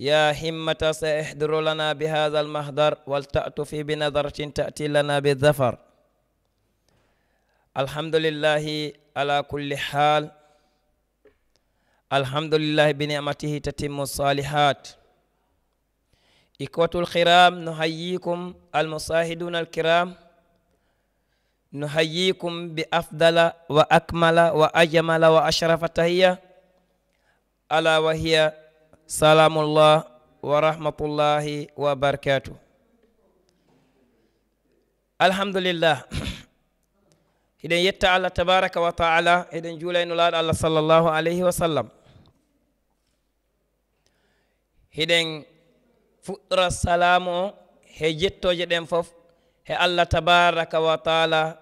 يا همة سيحضر لنا بهذا المحضر ولتأتفي بنظرة تأتي لنا بالظفر الحمد لله على كل حال الحمد لله بنعمته تتم الصالحات إخوة الكرام نحييكم المصاهدون الكرام نحييكم بأفضل وأكمل وأجمل وأشرف تحية ألا وهي salamullah wa rahmatullahi wa barakatu alhamdulillah hiɗen yetta allah tabaraka wa taala eɗen juulayno laaɗo allah sallllahu alayhi wa sallam hiɗen fuɗɗora salamu o he jettooje ɗen fof he allah tabaraka wa taala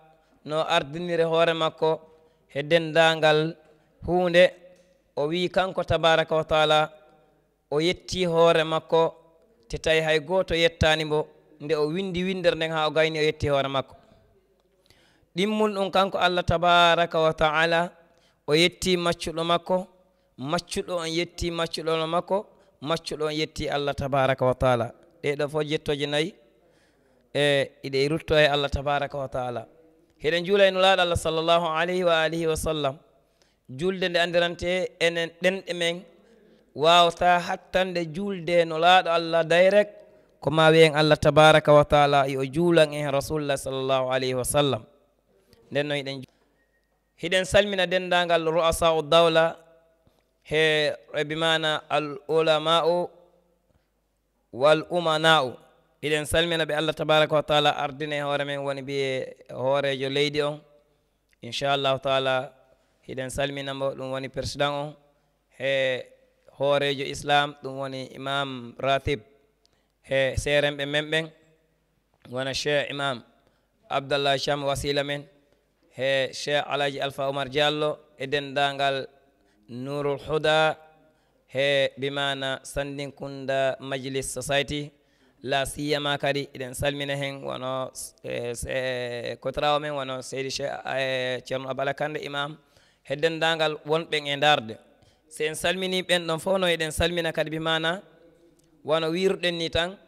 no ardinire hoore makko he denndaangal huunde o wii kanko tabaraka wa taala o yetti hoore makko te tawi hay gooto yettaani mbo nde o windi winder nden haa o gayni o yetti hoore makko ɗimmul ɗum kanko allah tabaraka wa taala o yetti maccuɗo makko maccuɗo on yetti maccuɗono makko maccuɗo on yetti allah tabaraka wa taala ɗeɗo fof jettoje nayi e iɗe rutto e allah tabaraka wa taala heɗen juula e nulaaɗo allah sallllahu alayhi wa alihi wa sallam julde nde anndirante enen ɗenɗe men wawata hattande julde no laaɗo allah dayrek ko ma wiyen allah tabaraka wa taala yo juulan en rasulullah sallllahu alayhi wa sallam nden noon iɗen hiɗen salmina dendagal roasa u dawla he rebi mana al ulama u wal umana u iɗen salmina ɓe allah tabaraka wa taala ardine hoore men woni mbiye hoorejo leydi on inchallahu taala hiɗen salminambo ɗum woni président on e hey, hoorejo islam ɗum woni imam ratib e seerenɓe men ɓen wona cheikh imam abdallah cham wasila men e cheikh alaji alpha oumar diallo e dendangal nourul houda e bimana sandin kunda majlis society la siyama kadi eɗen salmina hen wono e, e, kotrawo men wono seydi e, ceerno abalakande imam heddendangal wonɓen e darde si en salmini ɓen ɗon fof no eɗen salmina kadi bi mana wono wirɗen ni tan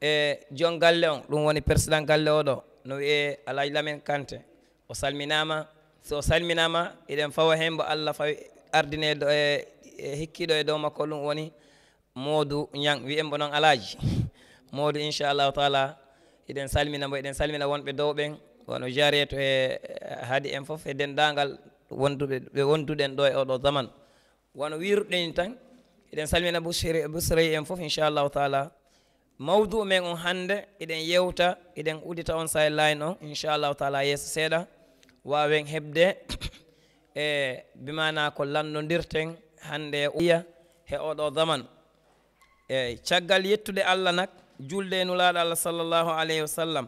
e jon galle on ɗum woni président galle o ɗo no wiye alaji lamen kante o salminama si o salminama eɗen fawa hen mbo allah fawi ardine do e, e hikkiɗo e dow makko ɗum woni modou ñang wiyen mbo noon alaji modou inchallahu taala eɗen salmina mbo eɗen salmina wonɓe dow ɓen wono jareto e haadi en foof e dendagal wonduɓe ɓe wonduɗen ɗo e oɗo zaman wano wiruɗen tan eɗen salmina bosr bosrey en fof inchallahu taala mawdu men on hannde eɗen yewta eɗen udita on sae lain on inchallahu taala yesso seeɗa wawen heɓde e bimana ko lanndodirten hannde iya e he oɗo daman eyi caggal yettude allah nak julde e nulaɗo allah sallllahu aleyhi wa sallam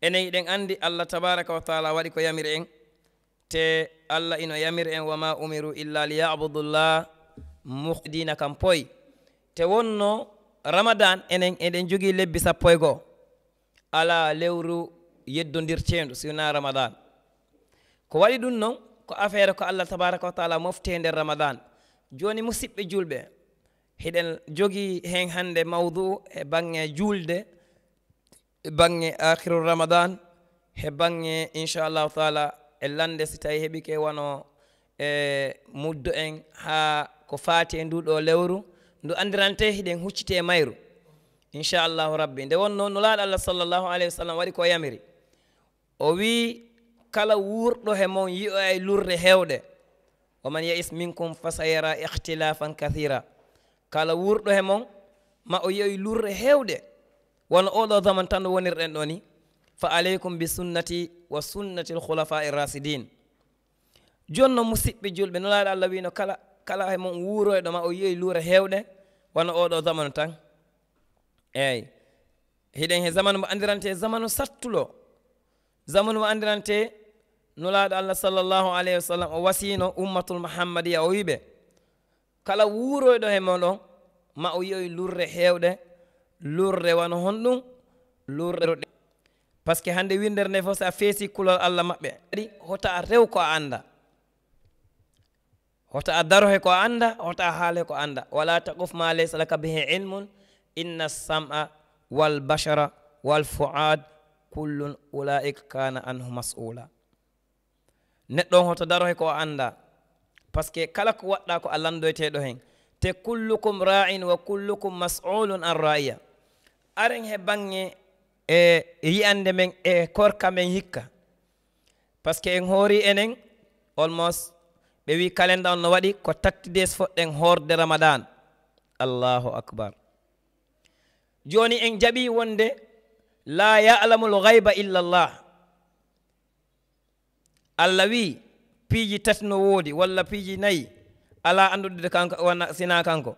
enen eɗen anndi allah tabaraka wa taala waɗi ko yamir en te allah ino yamir en wama umiru illa liyabudullah muhdina kam poy te wonno ramadan enen eɗen jogui lebbi sappo e goo ala lewru yeddodirtedu siwna ramadan ko waɗi ɗum noon ko affaire ko allah tabaraka wa taala mofte e nder ramadan joni musidɓe julɓe hiɗen jogi hen hande mawdu e bange julde e bange akhiru ramadan e bange inchallahu taala e lande si tawi heɓi ke wano e muddo en haa ko faati e nduɗo lewru ndu andirante hiɗen huccite mayru inchallahu rabbi nde wonno no laaɗo allah sallllahu alayhi wa sallam waɗi ko yamiri o wii kala wuurɗo he mon yiyo e lurde heewɗe o man yeis minkum fasayara ihtilafan kathira kala wuurɗo he mon ma o yiyoye lurde heewɗe wono oɗo zaman tan o wonirɗen ɗo ni fa aleykum bi sunnati wa sunnati alkhulafa irrasidin jooni noon musidɓe julɓe nolaaɗo allah wino kala kala he mon wuuroyɗo ma o yiyoy luura heewɗe wona oɗo zamanu tan eeyi hiɗen he zamanu mo anndirante e zamanu sattulo zamanu mo anndirante nulaaɗo allah sallllahu alayhi wa sallam o wasiino ummatul mouhammadiya o wiɓe kala wuuroyɗo he moɗon ma o yiyoy lurre heewɗe lurre wana hon ɗum lurre par ce que hannde winder nde fof so a feesi kulol allah maɓɓe aɗi hoto a rew ko a annda hoto a darohe ko a annda hoto a haale ko a annda wala taquf ma laysa laka bihi ilmun inna sam'a wal bachara wal fuad kullun ulaika kana anhu masula neɗɗo on hoto darohe ko a annda par ce que kala ko waɗɗa ko a landoyteɗo hen te kullukum ra'in wa kullukum mas'ulun an ra'iya aren he bange e, e yiyande men e korka men hikka par ce que en hoori enen almost ɓe wi calenda on no waɗi ko tattides foɗɗen hoorde ramadan allahu akbar joni en jaɓi wonde la yalamu lgayba illa llah allah wi piiji tati no woodi walla piiji nayyi ala andudede kanko wana sina kanko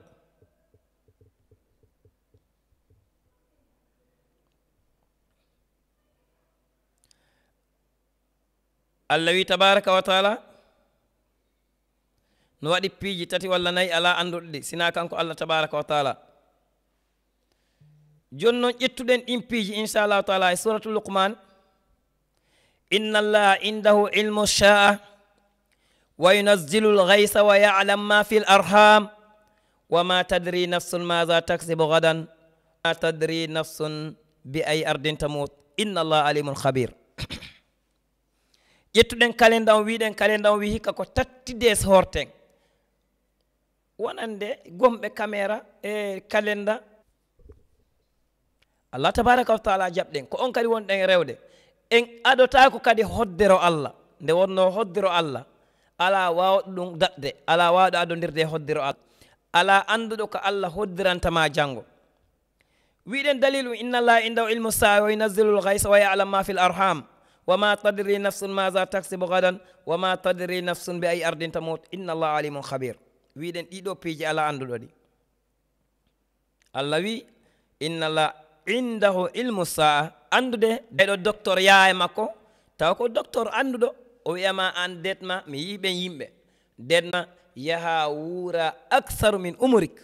allah wi tabaraka wa taala no waɗi piiji tati walla nayi ala anduɗo ɗi sina kanko allah tabaraka wa taala joni noon ƴettuɗen ɗin piiji inchallahu taala e suratu lukman inna allaha indahu ilmu sha'a wa yunazzilu lgaysa wa yalam ma fi l arham wa ma tadri nafsun maha taksibu gadan ma tadri nafsun bi ay ardin tamut inna allaha alimun khabire ƴettuɗen kalenda o wiiɗen kalenda o wi hikka ko tatti des horten wonande gomɓe caméra e kalenda allah tabaraka wa taala jaɓɗen ko on kadi wonɗen rewde en aɗotako kadi hoddero allah nde wonno hoddero allah ala wawɗo ɗum daɗde ala wawɗo adodirde e hoddero allah ala anduɗo ko allah hoddirantama janggo wiɗen dalilum innallah indaw ilmu sa wa yunazzilu lgaysa wa yalam ma fi l arham wama tadri nafsun maga taxsibo gadan wama tadri nafsun be ay ardinta mot inna allah alimum habir wiɗen ɗiɗo piiji ala anduɗo ɗi allah wi inna llah indahu ilmu saa andude ɓeɗo docteur yaa e makko taw ko docteur anduɗo o wiyama an detma mi yii ɓen yimɓe detma yaha wuura aksaru min umrik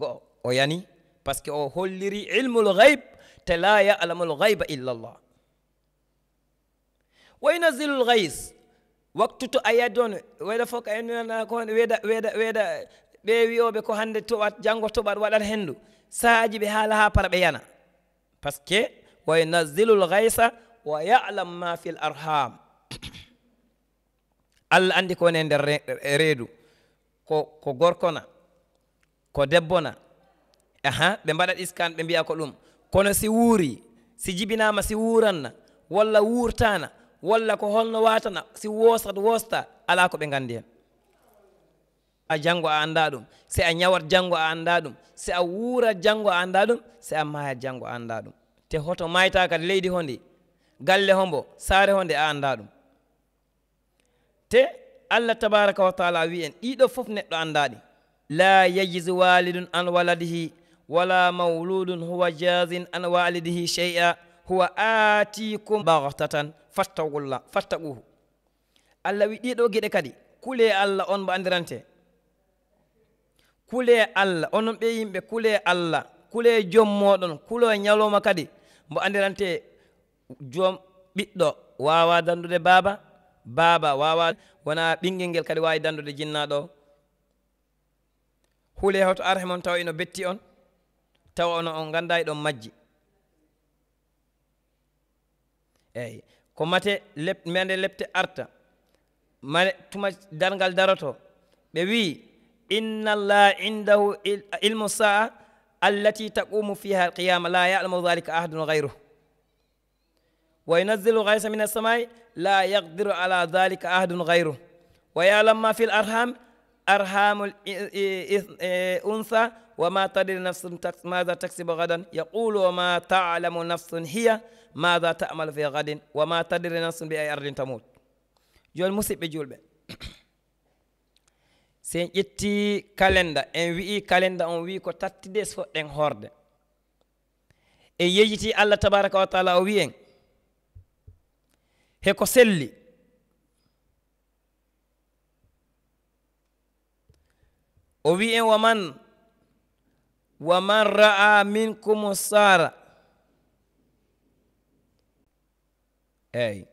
goo o yani par ce que o holliri ilmul gaybe te la yaalamul gayba illa llah wayna zilul gays waktu to a yaddi on wayda fof kaenna ko weeda weeda weeda ɓe wiyoɓe ko hannde toɓat janngo toɓat waɗat henndu saaji ɓe haala haa para ɓe yana par ce que way nazilul gaysa wa yalam ma fil arham allah anndi ko woni e nder reedu ko ko gorkona ko debbona aha ɓe mbaɗa iskan ɓe mbiya ko ɗum kono si wuuri si jibinama si wuuranna walla wuurtana walla ko holno watana si woosat woosta ala ko ɓe ganndi hen a janngo a annda ɗum si a ñawat janngo a annda ɗum si a wuura janngo a annda ɗum si a maayat janngo a annda ɗum te hoto mayta kadi leydi ho ndi galle hombo saare ho nde a annda ɗum te allah tabaraka wa taala wi en ɗiɗo fof neɗɗo anndaɗi la yajizu walidun an waladihi wala mawludun huwa jasin an walidihi cheya huwa aatikum bartatan fattagulla fattaguhu allah wi ɗiɗo geɗe kadi kule allah on mo andirante kule allah onon ɓe yimɓe kule allah kule jommoɗon kulo ñalowma kadi mbo andirante joom ɓiɗɗo wawa dandude baaba baaba wawa wona ɓinguel ngel kadi wawi dandude jinnaɗo o hule hoto arhe mon taw ino betti on tawa ono on ganda eɗon majji eyyi ko mate lep, mende lepte arta ma tuma dargal daroto ɓe wi inna allah indahu ilmu saa allati taqumu fiha alqiyama la yalamu dhalika ahadun gayruhu wa yunazzilu gaysa min assamai la yaqdiru ala dhalika ahadun gayruhu wa yalam ma fi l arham أرحام الأنثى وما تدري نفس ماذا تكسب غدا يقول وما تعلم نفس هي ماذا تعمل في غد وما تدري نفس بأي أرض تموت جول مصيب جول بي سين يتي كالندا ان وي كالندا اون وي كو تاتي ديس فو دين هورد اي ييجيتي الله تبارك وتعالى او وي هيكو سلي او وي ومان ومن رأى منكم السارة eeyi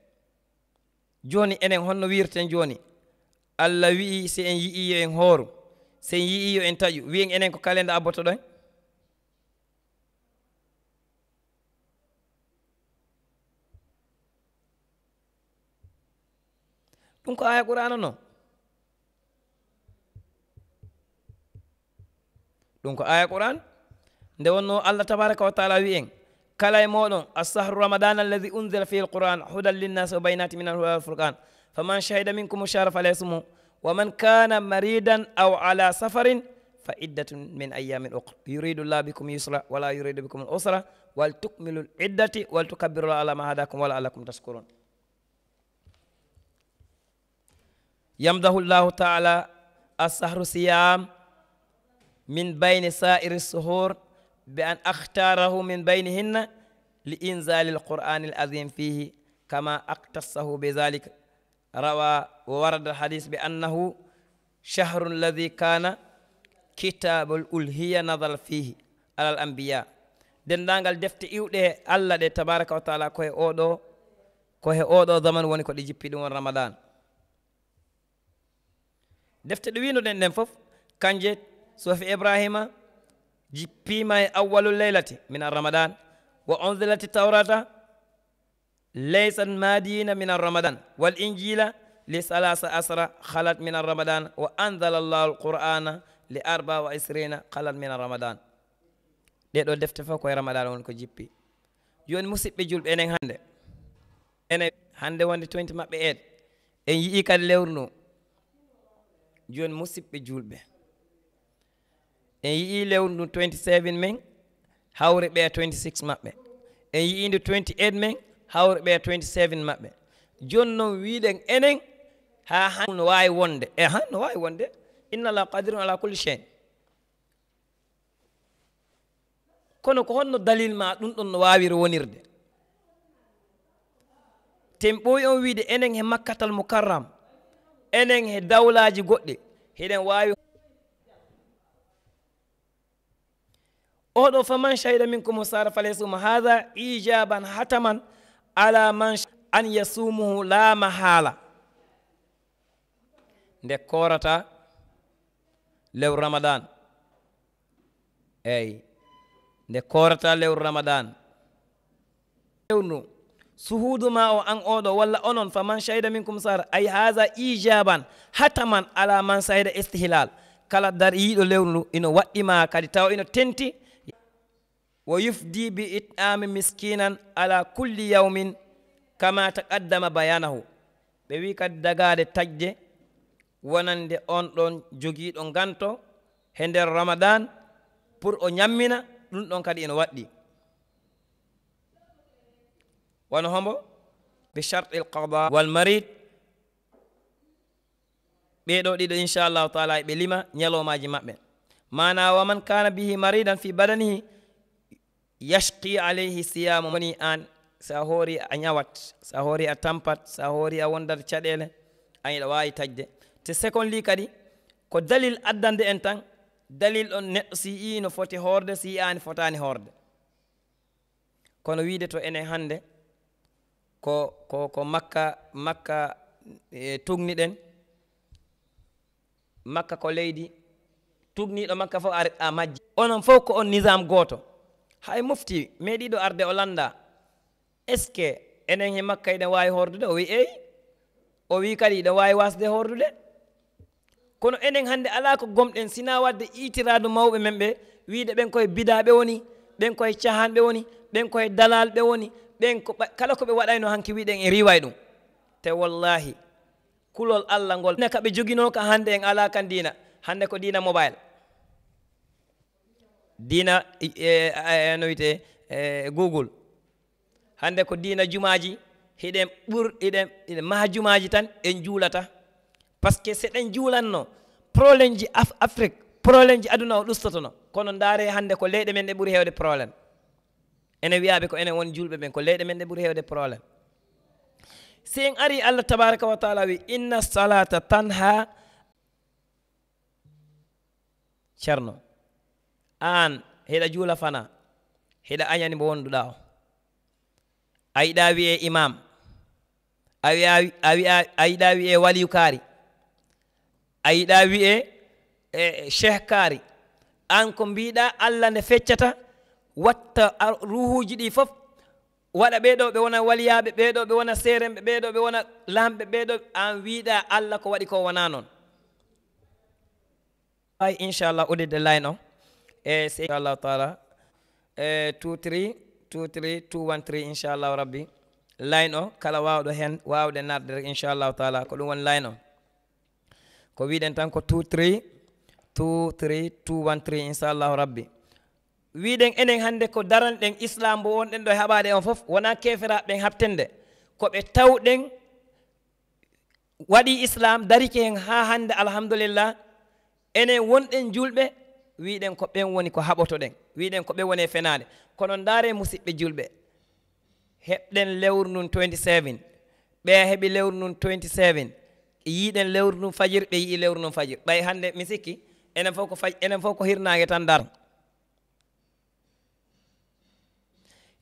jooni enen holno wiirten jooni allah wi'i si en yi'ii yo en hooru si en yi'ii yo en taƴu wiyen enen ko kalenda abboto ɗon ɗum ko aya qur'ana noon ɗum ko aya qur'an nde wonno allah tabaraka wa taala wi en كلا يمولون الصحر رمضان الذي أنزل فيه القرآن هدى للناس وبينات من الهدى والفرقان فمن شهد منكم الشهر اسمه ومن كان مريدا أو على سفر فعدة من أيام أخرى يريد الله بكم يسرا ولا يريد بكم الأسرة ولتكملوا العدة ولتكبروا على ما هداكم ولا لكم تشكرون يمده الله تعالى السهر صيام من بين سائر السهور بأن أختاره من بينهن لإنزال القرآن العظيم فيه كما أقتصه بذلك روى وورد الحديث بأنه شهر الذي كان كتاب الألهية نظر فيه على الأنبياء dendagal defte iwɗe allah ɗe tabaraka wa taala koye oɗo koye oɗo zaman woni ko ɗe jippi ɗum won ramadan defte ɗe winoɗen ɗen foof kanje sofi ibrahima جبيما أول الليلة من رمضان وأنزلت التوراة ليس مادين من رمضان والإنجيل لثلاث أسرة خلت من رمضان وأنزل الله القرآن لأربع وعشرين خلت من رمضان ɗeɗo defte fof koye ramadan won ko jippi joni musidɓe julɓe enen hannde ene hannde wonde 20 maɓɓe eed en yii kadi lewru ndu joni musidɓe julɓe en yii lewru ndu 27 men hawre ɓe 26 maɓɓe en yii ndu 28 men hawre ɓe 27 maɓɓe joni noon wiiɗen enen ha hano wawi wonde e han no wawi wonde inna allah qadirum ala culle chaine kono ko honno dalil ma ɗum ɗon no wawiri wonirde temi ɓooyi on wiide enen he makkatal mo karram enen he dawlaji goɗɗi heɗen wawi oɗo faman shahida minkum sara falaysuma hada ijaban hataman ala man an yasumuhu la mahala nde korata lewru ramadan eyyi nde korata lewru ramadan ewndu suhuduma o an oɗo walla onon faman shahida minkum sara ay hada ijaban hataman ala man shahida istihlal kala dariɗo lewru ndu ino waɗɗima kadi taw ino tenti wo yufdi bi itami miskinan ala kulli yawmin kama taqaddama bayanahu ɓe wi kadi dagade taƴde wonande on ɗon jogiiɗo ganto he nder ramadan pour o ñammina ɗum ɗon kadi ene waɗɗi wono hombo bi charte il qada wal marid ɓeeɗo ɗiɗo inchallahu taala eɓe lima ñalomaji maɓɓe mana waman kana bihi maridan fi badanihi yashqi alayhi siyamu woni aan sa hoori a ñawat sa hoori a tampat sa hoori a wondat caɗeele an iɗa waawi taƴde te secondly kadi ko dalil addande en tan dalil ɗon neɗɗo si yii no foti hoorde si yiyaani fotaani hoorde kono wiide to enen hannde ko ko ko makka makka e tugni ɗen makka ko leydi tugniiɗo makka fof a majji onon fof ko on nisame gooto hay mofti meeɗiiɗo arde o lannda est ce que enen he makka iɗen waawi hordude o wii eyi o wii kadi iɗen waawi wasde hordude kono enen hannde alaa ko gomɗen sinaa wadde iitiraadu mawɓe men ɓe wiide ɓen koye bidaaɓe woni ɓen koye cahanɓe woni ɓen koye dalalɓe woni ɓen ko kala ko ɓe waɗayno hanki wiiɗen e riway ɗum te wallahi kulol allah ngol ne ka ɓe joginoka hannde en alaa ka diina hannde ko diina mobile diina e, e, no wiyte e, google hannde ko diina jumaaji hiɗen ɓur iɗen maha jumaaji tan en juulata par ce que so ɗen juulatno probléme ji afrique probléme ji aduna o ɗustotono kono ndaare hannde ko leyɗe men ɗe ɓuri heewde probléme ene wiyaaɓe ko enen won julɓe ɓen ko leyɗe men ɗe ɓuri heewde probléme si en ari allah tabaraka wa taala wi inna salata tan ha ceerno aan heɗa juula fana heɗa añani mo wonduɗa o a yiɗa wi e imam a wiya a yiɗa wi e waliyu kaari a yiɗa wi e e cheikh kaari aan ko mbiɗa allah nde feccata watta ruhuji ɗi fof waɗa ɓeeɗo ɓe wona waliyaɓe ɓeeɗo ɓe wona seerenɓe ɓeeɗo ɓe wona lamɓe ɓeeɗo an wiɗa allah ko waɗi ko wona noon ay inchallah udedde lay non e se allahu taala e 23 23 213 inchallahu rabbi layno kala wawɗo hen wawde narde inchallahu taala ko ɗum woni layno ko wiɗen tan ko 23 23 213 inchallahu rabbi wiɗen enen hannde ko daranɗen islam mbo wonɗen ɗo e haɓade on foof wona keferaɓen habtende ko ɓe tawɗen waɗi islam dariki hen ha hannde alhamdulillah enen wonɗen julɓe wiɗen ko ɓen woni ko haɓoto ɗen wiɗen ko ɓen woni e fenade kono ndaare e musidɓe julɓe heɓɗen lewru ndun 27 ɓeya heeɓi lewru ndun 27 yiiɗen lewru ndun fajir ɓe yii lewru ndun fajir ɓay hannde mi sikki enen fof ko fa enen fof ko hirnaage tan dar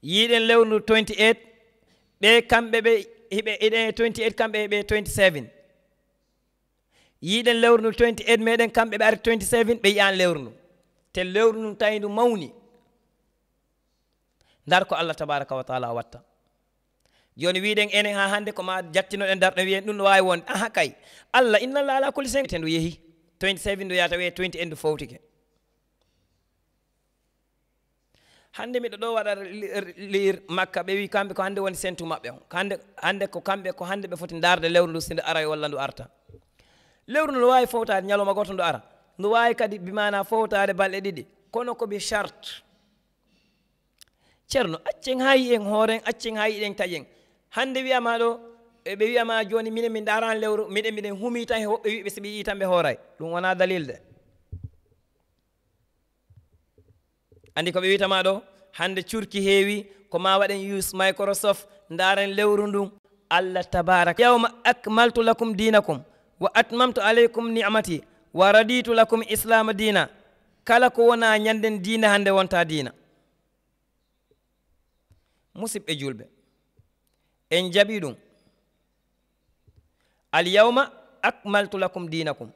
yiiɗen lewru ndu 28 ɓe kamɓe ɓe hiɓe iɗen e 28 kamɓe heɓe 27 e yiiɗen lewru ndu 28 meɗen kamɓe ɓe ari 27 ɓe yiyaani lewru ndu te lewru ndu tawi ndu mawni ndar ko allah tabaraka wa taala watta joni wiiɗen enen ha hannde koma jattinoɗen darɗo wiyen ɗum no wawi wonde aha kay allah innallah ala kulli sen te ndu yeehi 27 ndu yata wee 20 en du fawtike hannde miɗo ɗo waɗa lire makka ɓe wi kamɓe ko hannde woni sentu maɓɓe on hannde hannde ko kamɓe ko hannde ɓe foti ndarde lewru ndu si nde ara e walla ndu arta lewru ndu no wawi fowtade ñalawma goto ndu ara ndu wawi kadi bimana fowtade balɗe ɗiɗi kono ko ɓe charte ceerno accen ha yi en hooren accen ha yiɗen taƴen hannde wiyama ɗo e ɓe wiyama joni minen min daran lewru miɗen miɗen humi tan e woɓɓe wiɓe so ɓe yi tan ɓe hooray ɗum wona dalil de andi ko ɓe wiytama ɗo hannde curki heewi ko ma waɗen use microsoft daren lewru ndun allah tabaraka yawma acmaltu lakum dinakum wa atmamtu aleykum nicmati wa raditu lakum islama dina kala ko wona ñanden dina hande wonta dina musibɓe julɓe en jaɓi ɗum alyawma akmaltu lakum dinakum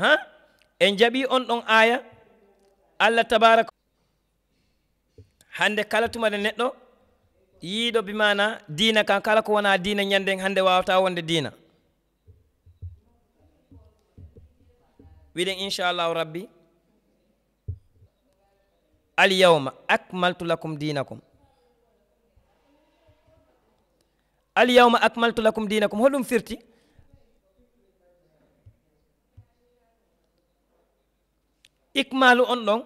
ha en jaɓi on ɗon aya allah tabaraka hande kala tumade neɗɗo yiiɗo bi mana diina kan kala ko wona diina ñanden hannde wawata wonde diina wiɗen inchallahu rabbi alyawma akmaltu lakum dinakum alyawma akmaltu lakum dinakum holɗum firti ikmalu on ɗon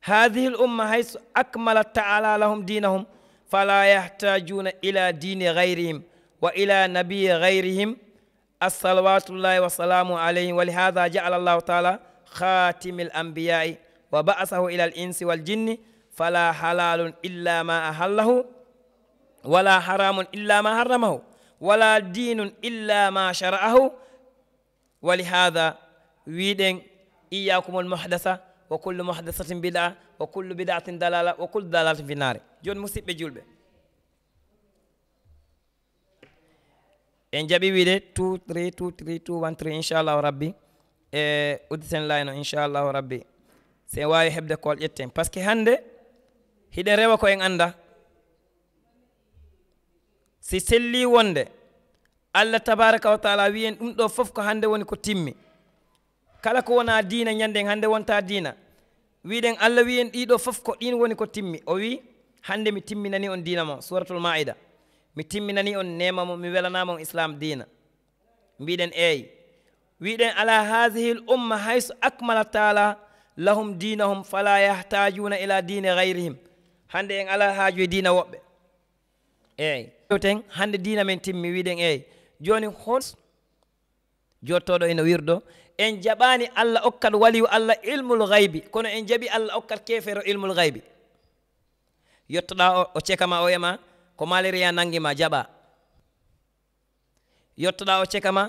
hadihi l umma hayso akmalat taala lahum dinahum فلا يحتاجون إلى دين غيرهم وإلى نبي غيرهم الصلوات الله والسلام عليه ولهذا جعل الله تعالى خاتم الأنبياء وبعثه إلى الإنس والجن فلا حلال إلا ما أحله ولا حرام إلا ما حرمه ولا دين إلا ما شرعه ولهذا ويدن إياكم المحدثة wa kullu muhadasatin bida wa kullu bidatin dalala wa kullu dalalatin finare joni musidɓe julɓe en jaɓi wiide tout tri tout tri tout wan tri inchallahu rabbi e udditen layno inchallahu rabbi sen wawi hebde kol ƴetten par ce que hannde hiɗe rewa ko en annda si selli wonde allah tabaraka wa taala wiyen ɗum ɗo fof ko hannde woni ko timmi kala ko wona diina ñannden hannde wonta diina wiiɗen allah wiyen ɗiɗo fof ko ɗin woni ko timmi o wii hannde mi timminani on diina mo suratul maida mi timminani on nema mo mi welanama on islam diina mbiɗen eeyi wiɗen ala hasihi l umma hayso akmala taala lahum dinahum fala yahtajuna ila dine gayrihim hannde en ala haaju e diina woɓɓe eeyi ten hannde diina men timmi wiɗen eeyi joni hon jottoɗo ene wirdo en jaɓani allah okkat waliyu allah ilmul haybi kono en jaɓi allah okkat kefero ilmul haybi yettoɗa o cekama o ema ko malaria nanguima jaɓa yettoɗa o cekama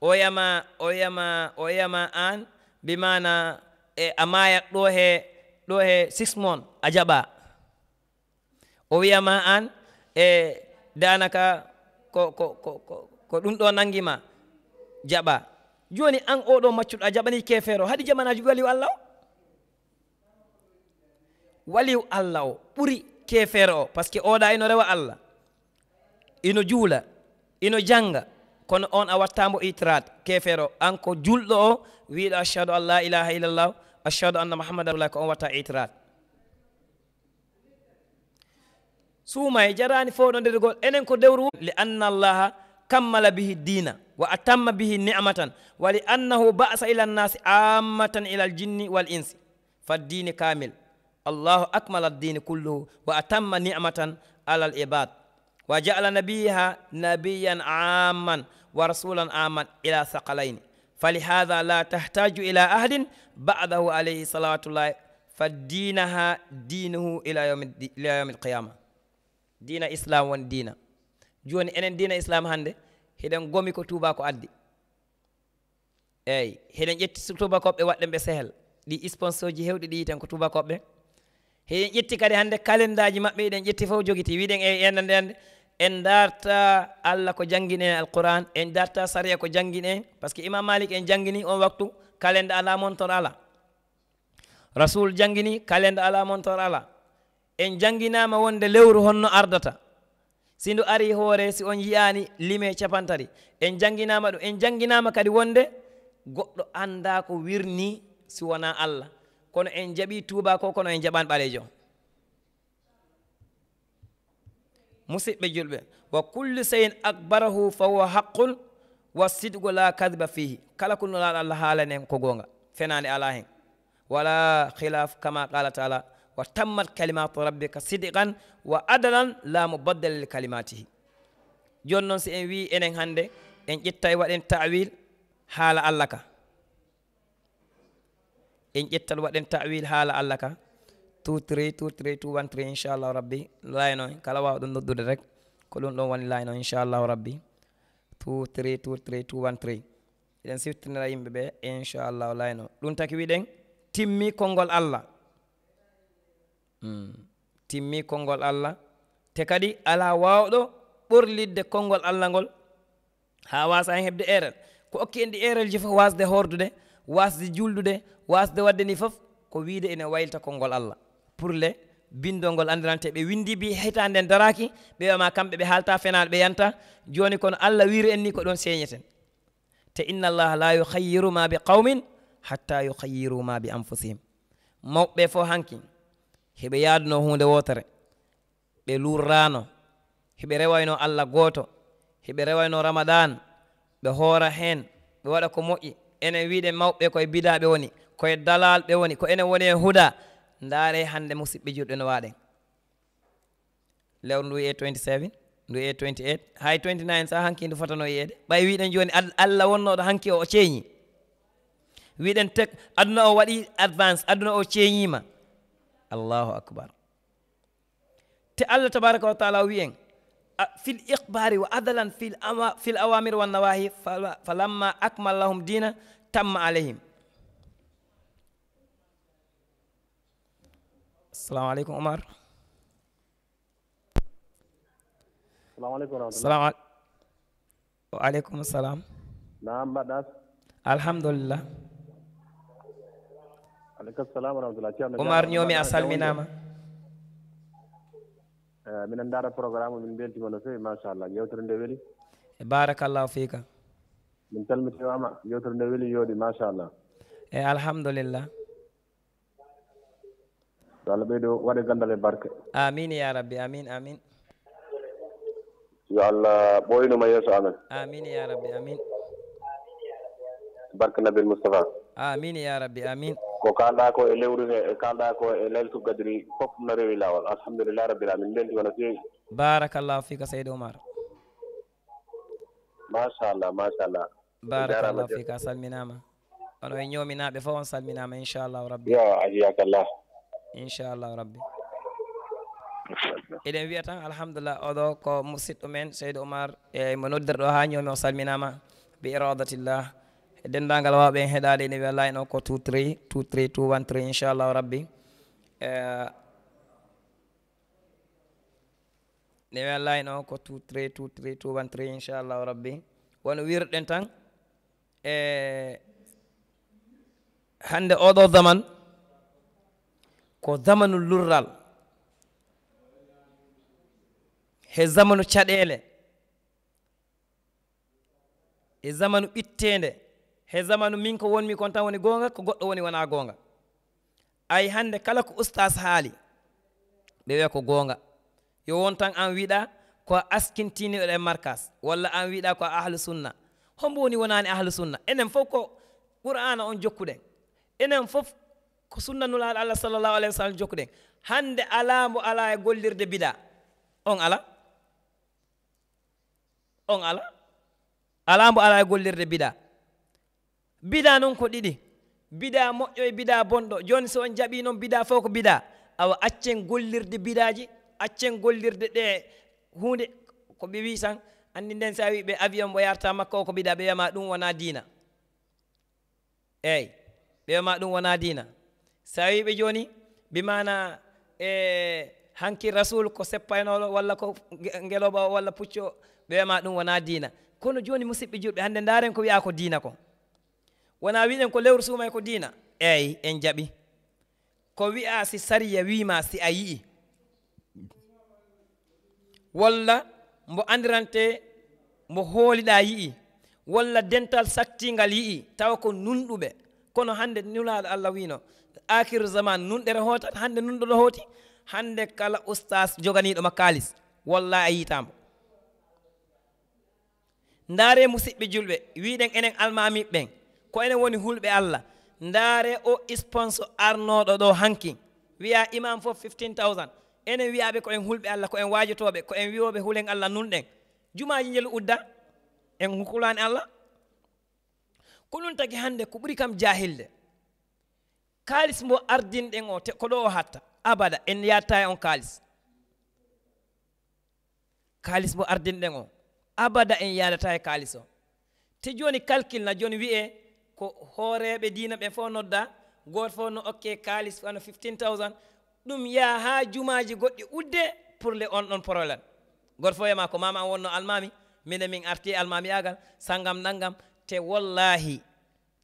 o yama o yama o yama an mbimana e a mayat ɗo he ɗo he sixmon a jaɓa o wiyama an e danaka ko ko ko ko ɗum ɗo nanguima jaɓa joni an oɗo maccuɗo a jaɓani kefere o haɗi jamanaji waliw allah o waliw allah o ɓuri kefere o par ce que oɗa ino rewa allah ino juula ino janga kono on a wattambo itrade kefere o an ko julɗo o wiiɗo achadu an la ilaha illallah achadu anna mouhamad arulah ko on watta itrade suuma e jarani fo ɗo nder gol enen ko dewru li anna allaha kammala bihi dina وأتم به نعمة ولأنه بأس إلى الناس عامة إلى الجن والإنس فالدين كامل الله أكمل الدين كله وأتم نعمة على العباد وجعل نبيها نبيا عاما ورسولا عاما إلى ثقلين فلهذا لا تحتاج إلى أحد بعده عليه صلاة الله فدينها دينه إلى يوم إلى يوم القيامة دين الاسلام ودين جون إن دين الاسلام هندي heɗen gomi ko tubako addi eyyi heɗen ƴetti tubakoɓe waɗɗe ɓe sehel ɗi sponsor ji hewɗi ɗi yiten ko tubakoɓe heɗen ƴetti kadi hannde calendar ji maɓɓe eɗen ƴetti fof jogiti wiɗen e ena ndende en darta allah ko janngine alquran en darta saria ko janngine par ce que imam malik en janngini on waktu calendar ala montor ala rasul janngini calendar ala montor ala en janginama wonde lewru honno ardata si ndu ari hoore si on yiyani lime capantati en janginama ɗum en janginama kadi wonde goɗɗo anda ko wirni si wona allah kono en jaɓi tuuba ko kono en jaɓani ɓalejo musidɓe julɓe wa kulle sayin akbarahu fahuwa haqqun wa sidgo la kadba fihi kala ko nulaɗo allah haalanen ko gonga fenade ala hen wala khilaf kama qala taala wa tammat kalimatu rabbika sidiqan wa adalan laamu baddala li kalimatihi jooni noon si en wi enen hannde en ƴetta e waɗen tawil haala allah ka en ƴettal waɗen tawil haala allah ka tutre tutre tuwantre inchallahu rabbi layno en kala waawa ɗum noddude rek ko ɗum ɗon wani layno inchallahu rabbi tutre tutre tuwantre eɗen siftinira yimɓe ɓe inchallahu layno ɗum taki wiɗen timmi konngol allah Hmm. timmi konngol allah te kadi ala waawɗo ɓorlidde konngol allah ngol haa waasa hen heɓde erel ko okki en ɗi erel ji fof waasde hordude waasde juuldude waasde waɗde ni fof ko wiide ene wayilta konngol allah pour le bindol ngol anndirante ɓe windi bi hitande en daraki ɓe wiyama kamɓe ɓe haalta fenaɗe ɓe yanta joni kono allah wiri en ni ko ɗon seeñeten te inna allah la yuhayyiru ma bi qawmin hatta yuhayyiru ma bi anfusihim mawɓe fof hankin heɓe yaaduno hunde wootere ɓe lurrano heɓe rewayno allah gooto heɓe rewayno ramadan ɓe hoora heen ɓe waɗa ko moƴƴi enen wiiɗe mawɓe koye bidaɓe woni koye dalal ɓe woni ko enen woni e huɗa ndaare hannde musidɓe juurɗe no waaɗen lewru ndu wiye 27 ndu wiye 28 hay 29 sa hanki ndu fotano yiyeede ɓay wiiɗen jooni allah wonnoɗo hanki o o ceeñi wiiɗen tek aduna o waɗi advance aduna o ceeñima الله أكبر تعالى تبارك وتعالى وين في الإقبار وأذلا في, الأوا... في الأوامر والنواهي فلما أكمل لهم دينا تم عليهم السلام عليكم عمر السلام عليكم ورحمة الله السلام عليكم وعليكم السلام نعم بعد الحمد لله عليكم السلام ورحمة الله عمر نيومي أسال مناما من أندار البرنامج من بيلتي منوسي ما شاء الله يوتر ندويلي بارك الله فيك من تلمت يوما يوتر ندويلي يودي ما شاء الله الحمد لله الله بيدو وادي غندال بركة آمين يا ربي آمين آمين يا الله بوينو ما يسعنا آمين يا ربي آمين بارك النبي المصطفى آمين يا ربي آمين ko ko e lewru ko e gadri foof no rewi lawol alhamdulillah rabbil alamin beldi wona fewi barakallahu fika seydi omar machallah machallah barakallahu fika salminama ono e ñoominaɓe fof on salminama inchallahu rabbi yo ajiyakallah inchallahu rabbi eɗen wiya tan alhamdulillah oɗo ko musidɗo men seydi oumar e mo noddirɗo ha ñoomi o salminama bi iradatillah denndaangal waawɓe en heɗaade ne wiyalla en o ko 23 23 213 inchallahu rabbi eh, ne wiyalla en o ko 23 23 213 inchallahu rabbi won wirɗen tan e hannde oɗo zaman ko zamanu lurral he zamanu caɗeele e zamanu ɓitteende he zamanu min ko wonmi kon tan woni goonga ko goɗɗo woni wona goonga ayi hannde kala ko ustas haali ɓe wiya ko goonga yo won tan an wiɗa ko a askintiniɗo e markas walla an wiɗa ko a ahlu sunna hombo woni wonani ahlu sunna enen fof ko qur'ana on jokkuɗen enen fof ko sunnanulaɗo allah sallllahu alah wa sallam jokkuɗen hannde alamo ala e gollirde biɗa on ala on ala alambo ala e gollirde biɗa bida noon ko ɗiɗi bida moƴƴo e bida bonɗo joni so on jaɓi noon bida fof ko bida awa accen gollirde bidaji accen gollirde ɗe hunde ko ɓe wi tan andi nden sa wi ɓe avion mo yarta makka o ko biɗa ɓe wiyama ɗum wona dina eyyi ɓe wiyama ɗum wona dina sa wiɓe joni bimana e hanki rasul ko seppaynoɗo walla ko ngeloba o walla pucco ɓe wiyama ɗum wona dina kono joni musidɓe juɓɓe hande daren ko wiya ko dina ko wona wiɗen ko lewru suumay e ko diina eyi en jaɓi ko wi'a si sariya wima si a yii walla mbo andirante mbo hooliɗa yii walla dental sattingal yii tawa ko nunɗuɓe kono hande nulaɗo allah wino akiru zaman nunɗere hootat hande nunɗoɗo hooti hande kala ustas joganiɗoma kalis walla a yitamo ndaare musidɓe julɓe wiɗen enen almami ɓen ko ene woni hulɓe allah ndaare o sponso arnoɗo ɗo hanki wiya imam fof 15000 ene wiyaɓe ko en hulɓe allah ko en wajotoɓe ko en wiwoɓe hulen allah nunɗen jumaji jel udda en hukulani allah ko ɗum tagi hannde ko ɓuri kam jahilde kaalis mbo ardinɗen o ko ɗo o hatta abada en yatta e on kaalis kaalis mbo ardinɗen o abada en yadata e kaalis o te joni calcule na joni wiye ko hooreeɓe diina ɓe fof nodda gooto fof no okke kaalis wana 15000 ɗum yaha haa jumaaji goɗɗi udde pour le on ɗon probléme goto fof wiyamaa ko mama an wonno almami minen min arti almami yaagal sanngam ɗanngam te wallahi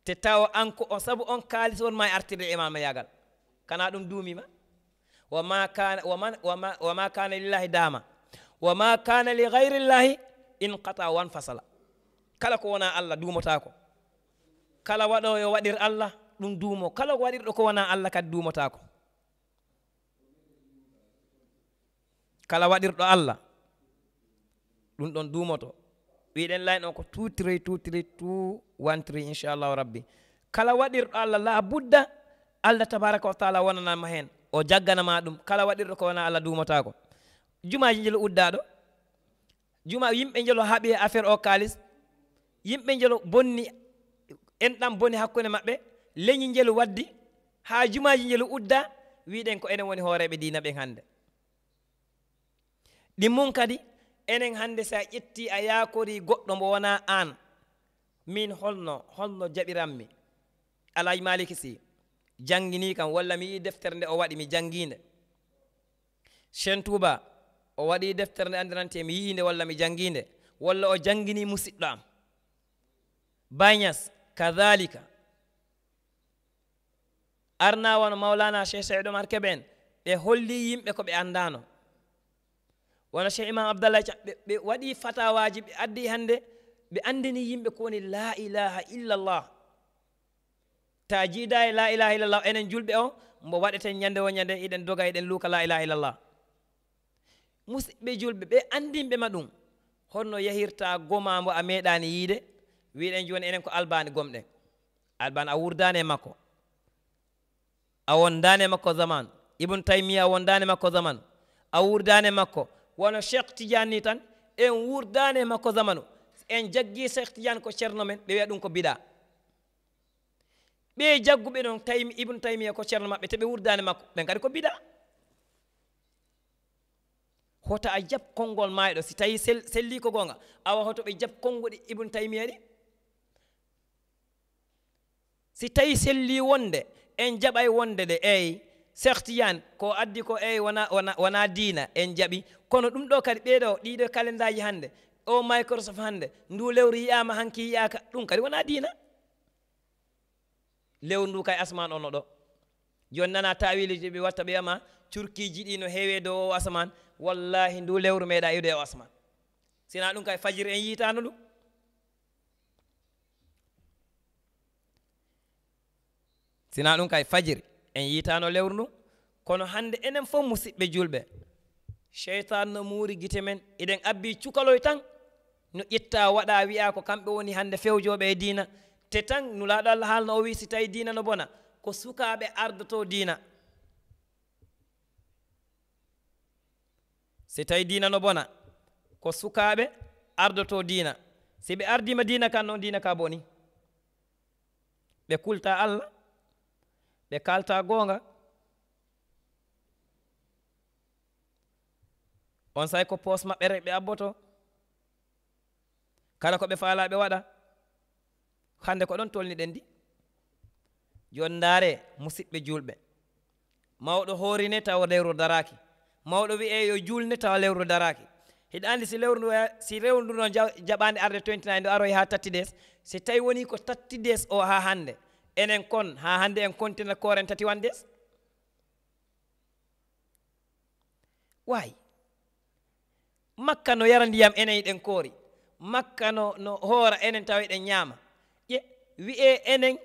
te tawa an ko o sabu on kaalis wonma e artirde imama yaagal kana ɗum duumima wama kane wama wama kane lillahi daama wama kane li gayrillahi in qata wan fasala kala ko wona allah duumotako kala waɗo yo waɗir allah ɗum duumo kala ko waɗirɗo ko wona allah kadi duumotako kala waɗirɗo allah ɗum ɗon duumoto wiɗen layno ko tuutiroy tuutiri tout wantiri inchallahu rabbi kala waɗirɗo allah laa budda allah tabaraka wa taala wonanama heen o jagganama ɗum kala waɗirɗo ko wona allah duumotako jumaji jelo uddaɗo juma yimɓe jelo haaɓi affaire o kaalis yimɓe jelo bonni en ɗam boni hakkunde maɓɓe leñi njel waddi haa jumaji njel udda wiɗen ko enen woni hooreɓe dina ɓen hannde ɗin mum kadi enen hannde so a ƴetti a yaakori goɗɗo mo wona aan min holno holno jaɓiranmi alaaji maliki si janngini kam walla mi yi deftere nde o waɗi mi janngiinde chen touba o waɗi deftere nde andirante mi yiinde walla mi janngiinde walla o janngini musiɗɗo am baynas kadhalika arnawano mawlana cheikh saed omar keɓen ɓe holli yimɓe ko ɓe anndano wono cheikh imam abdallah ca ɓe ɓe waɗi fatawaji ɓe addi hannde ɓe anndini yimɓe ko woni la ilaha illallah ta jiida e la ilaha illallah enen julɓe o mbo waɗeten ñannde o ñannde iɗen doga iɗen luuka la ilaha illallah musidɓe julɓe ɓe anndinɓe ma ɗum holno yahirta goma mbo a meeɗani yiide wiɗen joni enen ko albani gomɗen albani a wurdani e makko a wondani e makko zaman ibne taymia a wondani e makko zaman a wurdani e makko wono cheikh tidiane ni tan en wurdani makko zamanu en jaggui cheikh tidiane ko ceerno men ɓe wiya ɗum ko biɗa ɓe jagguɓe noon tay ibne taymia ko ceerno maɓɓe teɓe wurdani makko ɓen kadi ko biɗa hoto a jab konngol maayiɗo si tawi sel selli ko gonga awa hoto ɓe jab konngoɗi ibne taymia ɗi si tawi selli wonde en jaɓay wonde de eyyi sertiyane ko addi ko eyyi wona wona wona diina en jaaɓi kono ɗum ɗo kadi ɓeeɗo ɗiɗo kalendaji hannde o microsoft hannde ndu lewru yiyama hanki yiyaka ɗum kadi wona diina lewru ndu kay asman ono ɗo joni nana tawiliji ɓe watta ɓe wiyama curkiji ɗino heewe dow o asman wallahi ndu lewru meeɗa iwde o asman sina ɗum kay fajiri en yiitano ɗum sina ɗum kay fajiri en yitano lewru ndu kono hannde enen fof musidɓe julɓe cheytan no muuri gite men eɗen abbi cukaloy tan no ƴetta waɗa wiya ko kamɓe woni hannde fewjoɓe e dina te tan nulaɗo allah haalno o wi si tawi dina no bona ko sukaɓe ardoto dina si tawi dina no bona ko sukaɓe ardoto dina si ɓe ardima dina kan noon dina ka boni ɓe kulta allah ɓe kalta goonga on say ko pos maɓɓere ɓe abboto kala ko ɓe faalaɓe waɗa hande ko ɗon tolni ɗen di jon ndaare musidɓe julɓe mawɗo hoorine tawa lewru daraki mawɗo wiye yo julne tawa lewru daraki heɗi andi si lewru si rewru ndu no jaɓande arde 29 ndu aroy ha tatti des si tawi woni ko tatti des o ha hande enen kon haa hannde en kontina kooren tati wandes waay makka no yara ndiyam enen iɗen koori makka no no hoora enen tawa eɗen ñaama ƴe wiyee enen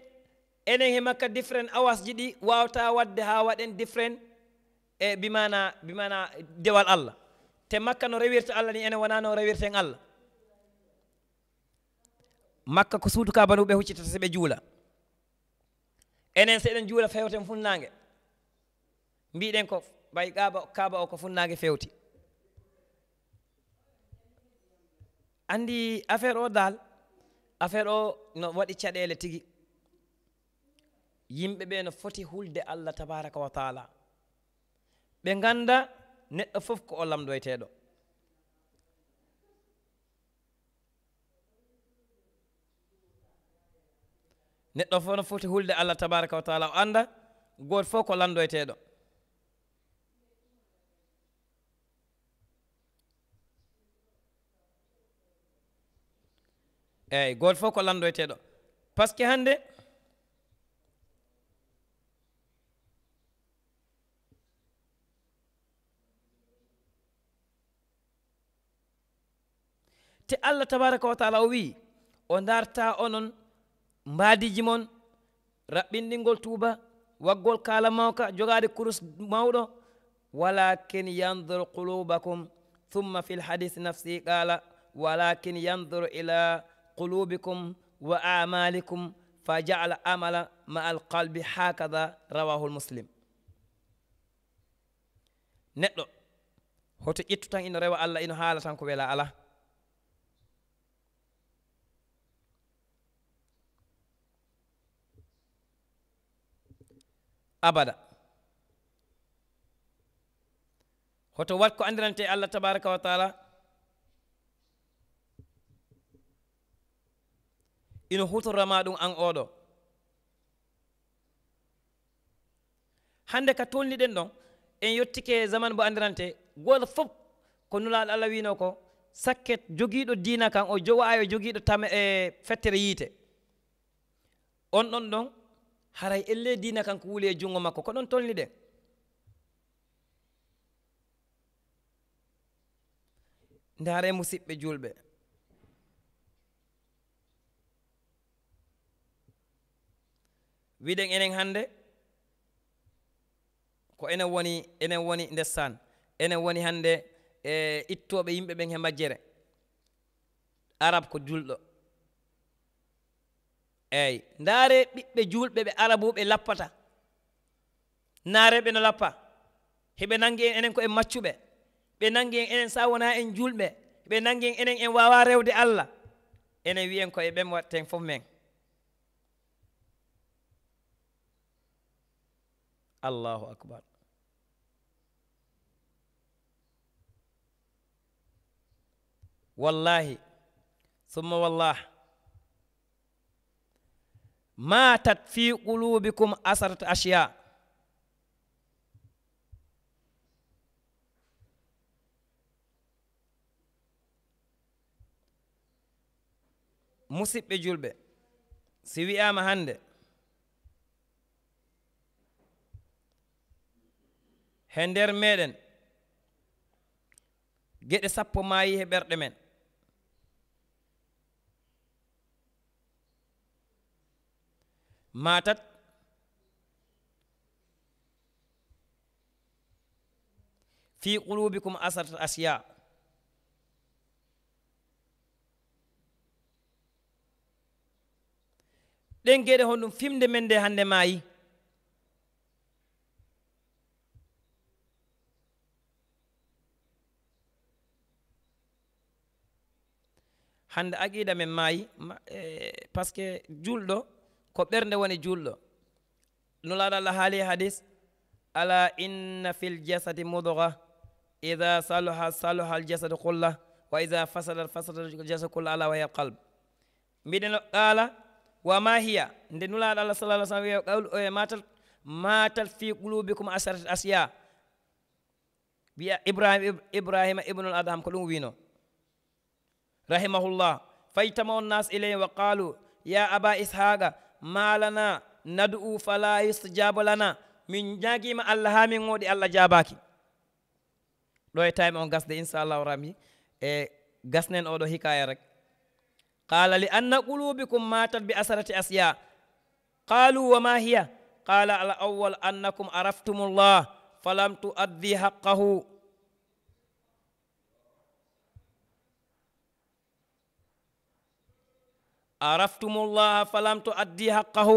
enen he makka different awas ji ɗi waawta waɗde haa waɗen different e eh, bimana bimana dewal allah te makka no rewirta allah ni enen wonaa no rewirten allah makka ko suudu kaabanuɓe huccitata se ɓe juula enen seeɗen juula fewten funnaange mbiɗen ko mbay kaaba kaaba o ko funnaange fewti anndi affaire o daal affaire o no waɗi caɗeele tigi yimɓe ɓe no foti hulde allah tabaraka wa taala ɓe ngannda neɗɗo fof ko o lamdoyteeɗo neɗɗo fof no foti hulde allah tabaraka wa taala o annda gooto fof ko lanndoyteeɗo eeyi gooto fof ko lanndoyteeɗo par ce que hannde te allah tabaraka wa taala o wii o ndaarataa onon mbaadiji moon raɓɓinɗingol tuuba waggol kaala mawka jogaade kurus mawɗo walakin yandor qulubakum thumma fi lhadis nafsi qaala walakin yandor ila qulubikum wa amalikum fa jaala amala ma alqalbi hakada rawahu lmuslim neɗɗo hoto ƴettu tan ina rewa allah ina haala tan ko wela ala abada hoto wat ko andirante e allah tabaraka wa taala ino hutorama ɗum an oɗo hande ka tolniɗen ɗon en yettike e zaman bo andirante goto fof ko nulaɗo allah wino ko sakket joguiɗo dina kan o jowa ayo joguiɗo tame e fettere yiite on ɗon ɗon haray elle dina kanko wuuli e junngo makko ko ɗon tolni ɗen ndaare musiɓɓe julɓe wiɗen enen hannde ko enen woni enen woni ndessan enen woni hannde e ittoɓe yimɓe ɓen he majjere arab ko julɗo eyyi ndaare ɓiɓɓe julɓe ɓe arabuɓe lappata naareɓe no lappa heɓe nangi en enen koye maccuɓe ɓe nangi en enen sa wona en julɓe ɓe nangi en enen en wawa rewde allah enen wiyen koye ɓen watten fof men allahu akbar wallahi summa wallah matat fi qulubikum asarat ashiya musidɓe julɓe si wiyama hande he nder meɗen geɗe sappo mayi he ɓerɗe men matat fi qulubikum asrat al asiya ɗen geɗe honɗum fimde men nde hannde maayi hande aqida men maayi eh, par ce que julɗo ko ɓernde woni julɗo nulaaɗo allah haali hadis ala inna fil jasadi mudga ida saluha saluha aljasadu kulla wa ida fasada alfasada aljasadu kulla ala wahiya alqalb mbiɗen qaala wa ma hiya nde nulaaɗo allah sala ah sallam wiya qawlu oye matal matal fi qulubikum asarat asiya ibrahim ibrahima ibrahima ibnul adham ko ɗum wino rahimahullah faytama o nas ilayhi wa qalu ya aba ishaqa maalana nadu'u fala istijaba lana min jaagima allah ha min ŋoɗi allah jabaki ɗo e time on gasde inchallahu rami e gasnen oɗo hikaya rek qala li anna qulubikum matat bi asarati asya qalu wa ma hiya qala al awwal annakum araftumullah falam tuaddi haqqahu عرفتم الله فلم تؤدي حقه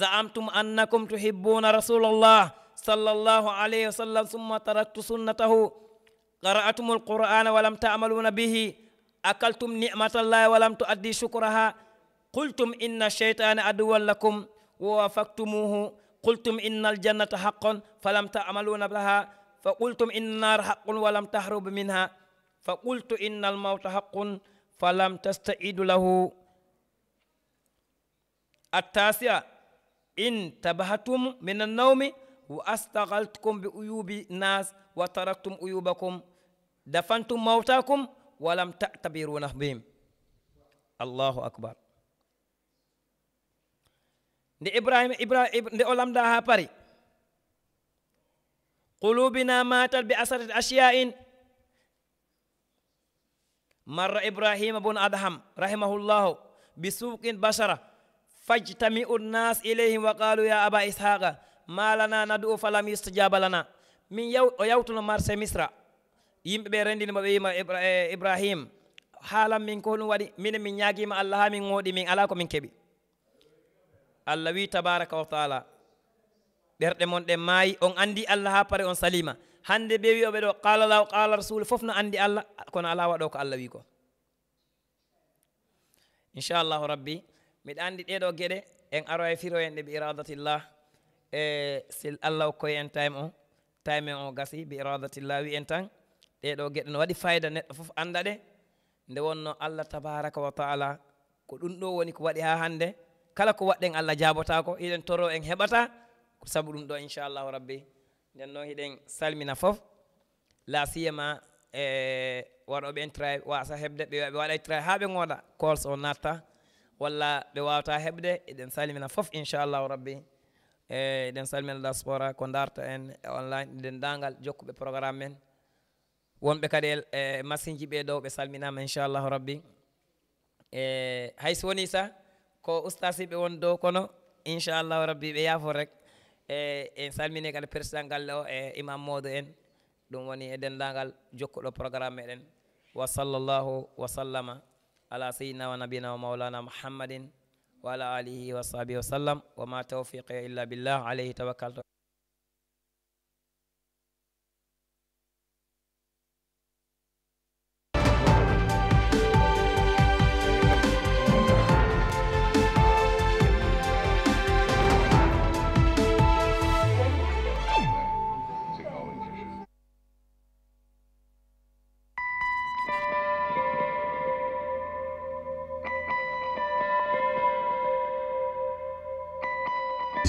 زعمتم أنكم تحبون رسول الله صلى الله عليه وسلم ثم تركت سنته قرأتم القرآن ولم تعملون به أكلتم نعمة الله ولم تؤدي شكرها قلتم إن الشيطان عدو لكم ووافقتموه قلتم إن الجنة حق فلم تعملون بها فقلتم إن النار حق ولم تهرب منها فقلت إن الموت حق فلم تستعيد له التاسعة إن تبهتم من النوم وأستغلتكم بأيوب الناس وتركتم أيوبكم دفنتم موتاكم ولم تعتبروا بهم الله أكبر ndi ibrahima ibrahim nde o lamda ha pari qulubina matat bi asarati ashiyain marra ibrahim bun adham rahimahullah bi suqin basara fajtamiu nnas ileyhim wa qalu ya aba ishaqa malana nadu falam yustajaba lana min yaw o yawtuno marché misra yimɓe ɓe rendinimo ɓe wima e, ibrahim haalam min ko ɗum waɗi minen min ñaguima allah ha min gooɗi min ala komin keeɓi allah wi tabaraka wa taala ɓerɗe mon ɗe maayi on andi allah ha paari on salima hande ɓe wi oɓe ɗo qala lah qala rasul foof no andi allah kono ala waɗo ko allah wi ko inchallahu rabbi miɗa anndi ɗeɗo geɗe en aro e firo en ɗe bi iradatillah e si allah okkoye en time o time en o gasi bi iradatillah wi en tan ɗeɗo geɗe no waɗi fayida neɗɗo fof annda ɗe nde wonno allah tabaraka wa taala ko ɗum ɗo woni ko waɗi ha hannde kala ko waɗɗen allah jabotako iɗen toro en heɓata ko sabu ɗum ɗo inchallahu rabbi nden noon hiɗen salmina fof la siyama e waɗoɓe en tra wasa heɓde ɓe ɓe waɗa tra ha ɓe gooɗa calls o natta ولا بواتا هبدة إذن سالمنا فوف إن شاء الله ربي إيه، إذن سالمنا داسبورا كوندارت إن أونلاين إذن دانغال جوكو ببرنامجين وان بكاريل إيه، ماسين جي بيدو بسالمنا إن شاء الله ربي إيه، هاي سوني سا كو أستاذي بيون دو كونو إن شاء الله ربي بيا فورك إن سالمنا كان بيرسان قالو إمام مودو إن دوموني إذن دانغال جوكو ببرنامجين وصلى الله وسلم على سيدنا ونبينا ومولانا محمد وعلى آله وصحبه وسلم وما توفيقي إلا بالله عليه توكلت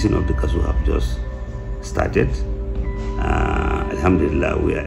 of the castle have just started. Uh, Alhamdulillah, we are